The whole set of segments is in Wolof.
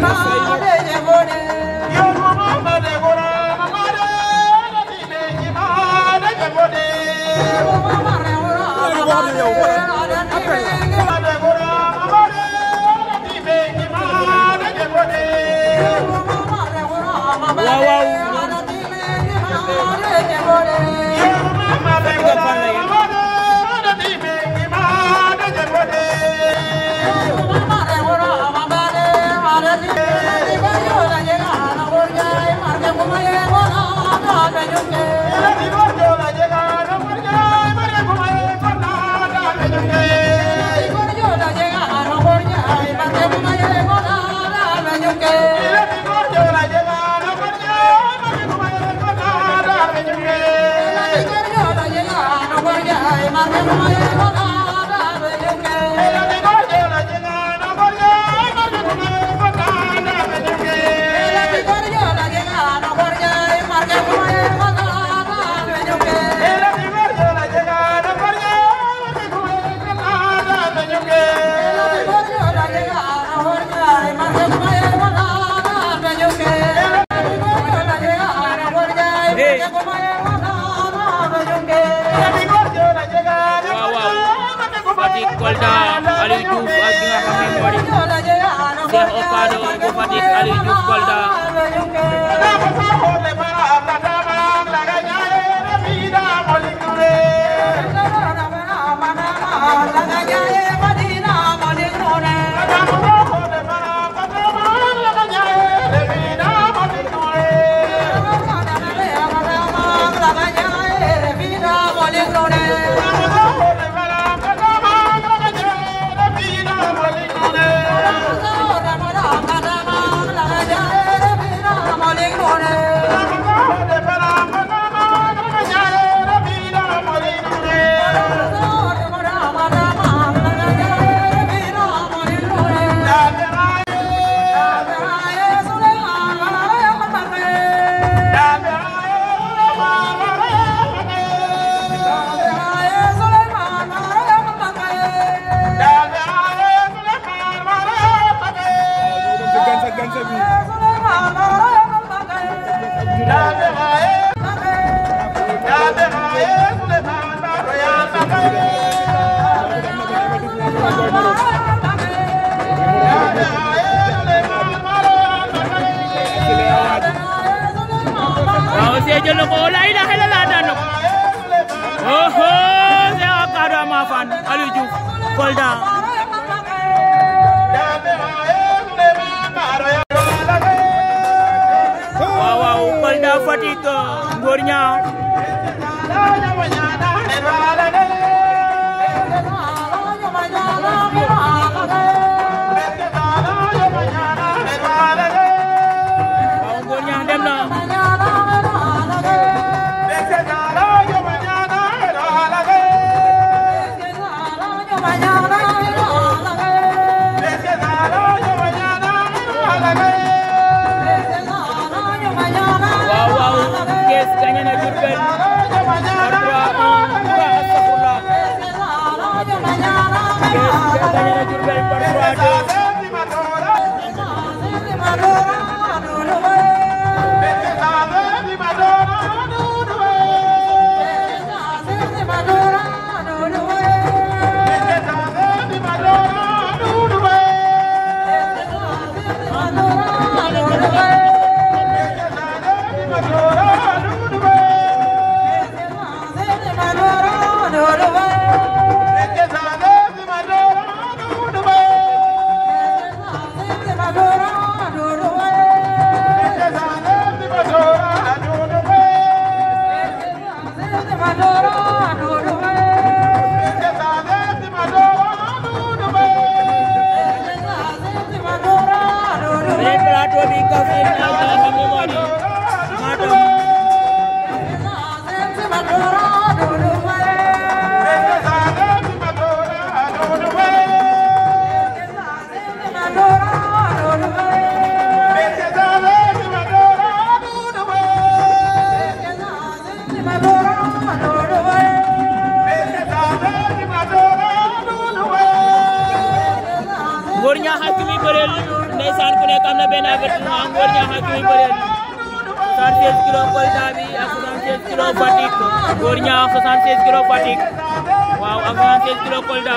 Bye. Fatick Kolda Aliou Diouf Ndiaye jël na ko la ilaha illallah daan na ko oho c'est à Kaddu Ama Fane Aliou Diouf Ngor Niang kilos Kolda bi ak 76 kilos Fatick góor ñaax 76 kilos Fatick waaw ak 76 kilos Kolda.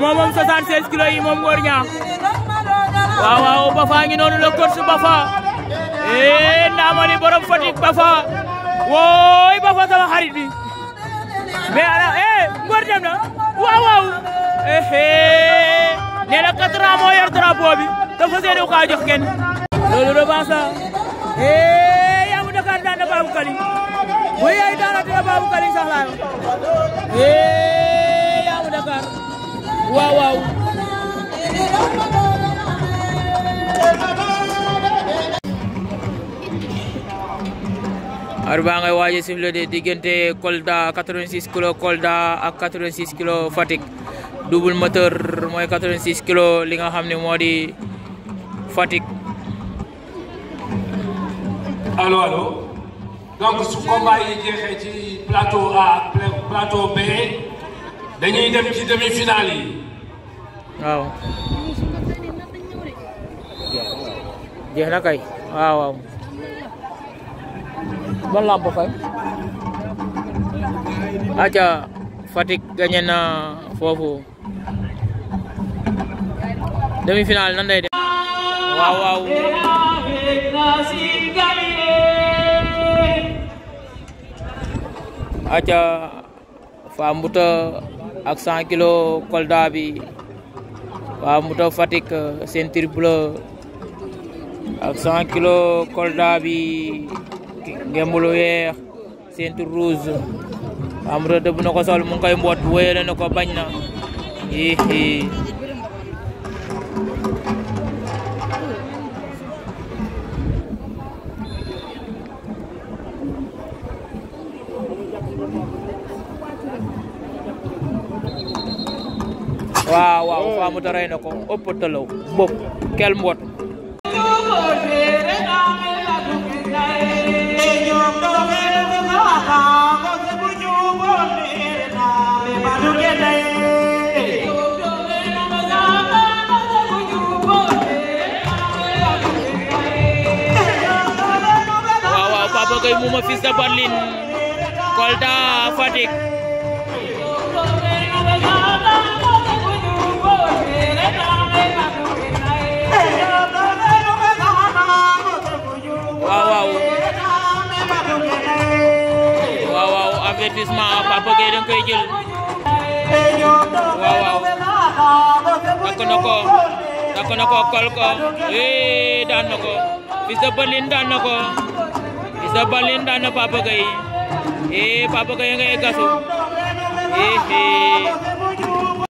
momom 76 kilo yi mom Ngor Niang waaw waaw fa ngi nonu noonu la coach Bafa eh ndaama ni borom fa woy ba fa sama xarit bi mais ala eh Ngor dem na waaw waaw eh eh nee na 4 ans moo yor drapeau bi da fa seenu ka jox ken lolu do ba sa eh ya mu Dakar da na babu kali bu yaay daanati na babu kali sax laa eh Xar baa ngay waaj sim le digenté Kolda 86 kilo Kolda ak 86 kilo fatik double moteur moy 86 kilo li nga xamné modi fatik di allo allo donc su combat yi jexé ci plateau A plateau B dañuy dem ci demi-finale yi. waaw. jeex kay waaw waaw. ba làmb kay aca Fatick gagné foofu demi-finale nan lay def waaw waaw aca fa mbuta ak 100 kilo Kolda bi ngembulu weex ceinture rouge am rëdd bu na ko sol mu ngi koy mboot wéyale na bañ na hihi waaw waaw faamu taray na ko ëpp tëlaw mboot koy Mouma Fils de Batling Kolda koy jël waaw waaw takk ko takk na ko kol ko eh daan na ko Fils de Batling daan na ko Fils de Baline daan na Papa Gueye eh Papa Gueye ngay gasu eh, eh.